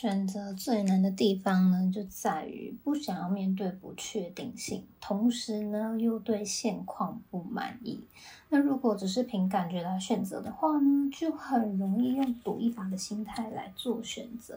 選擇最難的地方呢，就在於不想要面對不確定性，同時呢又對現況不滿意。那如果只是憑感覺來選擇的話呢，就很容易用賭一把的心態來做選擇。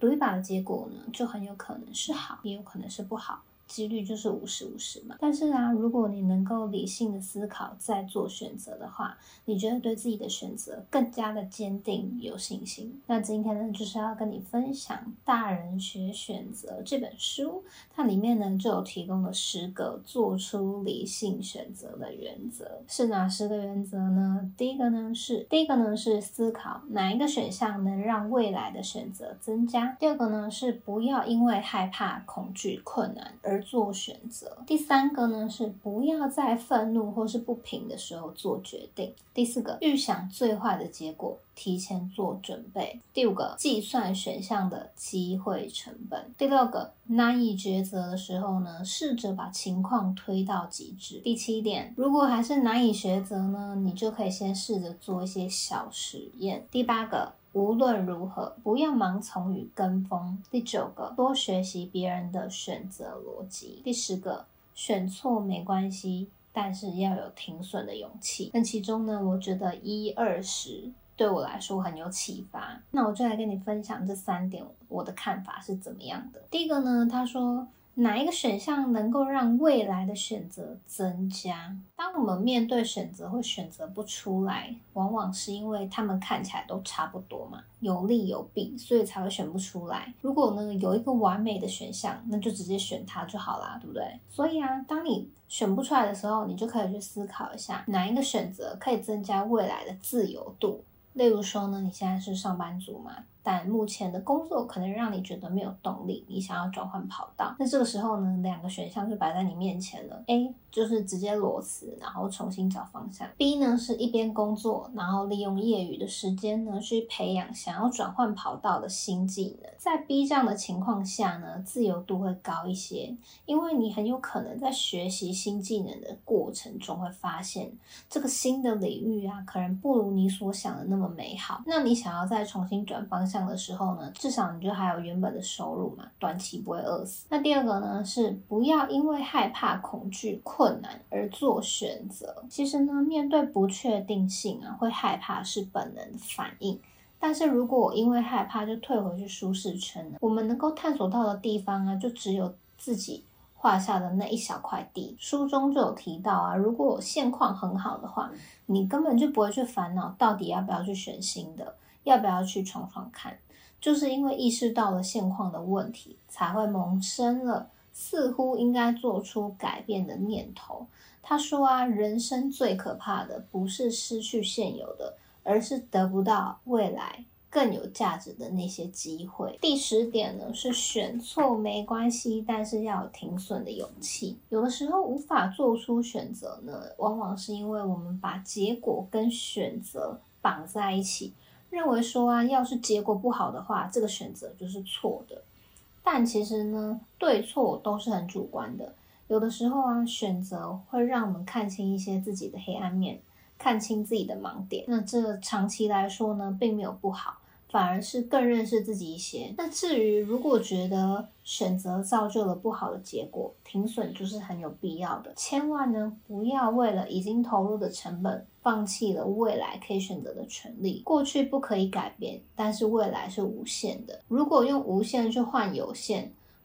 賭一把的結果呢，就很有可能是好，也有可能是不好。幾率就是五十五十嘛，但是呢，如果你能夠理性的思考再做選擇的話，你覺得對自己的選擇更加的堅定有信心。那今天呢，就是要跟你分享《大人學選擇》這本書，它裡面呢就有提供了十個做出理性選擇的原則。是哪十個原則呢？第一個呢是第一個呢是思考哪一個選項能讓未來的選擇增加。第二個呢是不要因為害怕、恐懼、困難而。而做選擇。第三個呢是，不要在憤怒或是不平的時候做決定。第四個，預想最壞的結果，提前做準備。第五個，計算選項的機會成本。第六個，難以抉擇的時候呢，試着把情況推到極致。第七點，如果還是難以抉擇呢，你就可以先試着做一些小實驗。第八個。無論如何，不要盲從與跟風。第九個，多學習別人的選擇邏輯。第十個，選錯沒關係，但是要有停損的勇氣。那其中呢，我覺得一二十對我來說很有啟發。那我就來跟你分享這三點，我的看法是怎麼樣的。第一個呢，他說，哪一個選項能夠讓未來的選擇增加？當我們面對選擇會選擇不出來，往往是因為他們看起來都差不多嘛，有利有弊，所以才會選不出來。如果呢，有一個完美的選項，那就直接選它就好啦，對不對？所以啊，當你選不出來的時候，你就可以去思考一下，哪一個選擇可以增加未來的自由度。例如說呢，你現在是上班族嘛，但目前的工作可能讓你覺得沒有動力，你想要轉換跑道。那這個時候呢，兩個選項就擺在你面前了：A 就是直接裸辭，然後重新找方向；B 呢是一邊工作，然後利用業餘的時間呢去培養想要轉換跑道的新技能。在 B 這樣的情況下呢，自由度會高一些，因為你很有可能在學習新技能的過程中會發現這個新的領域啊，可能不如你所想的那麼美好。那你想要再重新轉方向的時候呢，至少你就還有原本的收入嘛，短期不會餓死。那第二個呢，是不要因為害怕、恐懼、困難而做選擇。其實呢，面對不確定性啊，會害怕是本能的反應。但是如果我因為害怕就退回去舒適圈，我們能夠探索到的地方啊，就只有自己畫下的那一小塊地。書中就有提到啊，如果我現況很好的話，你根本就不會去煩惱，到底要不要去選新的。要不要去闖闖看？就是因為意識到了現況的問題，才會萌生了似乎應該做出改變的念頭。他說：“啊，人生最可怕的不是失去現有的，而是得不到未來更有價值的那些機會。”第十點呢，是選錯沒關係，但是要有停損的勇氣。有的時候無法做出選擇呢，往往是因為我們把結果跟選擇綁在一起。認為說啊，要是結果不好的話，這個選擇就是錯的。但其實呢，對錯都是很主觀的。有的時候啊，選擇會讓我們看清一些自己的黑暗面，看清自己的盲點。那這長期來說呢，並沒有不好。反而是更認識自己一些。那至於如果覺得選擇造就了不好的結果，停損就是很有必要的。千萬呢，不要為了已經投入的成本，放棄了未來可以選擇的權利。過去不可以改變，但是未來是無限的。如果用無限去換有限，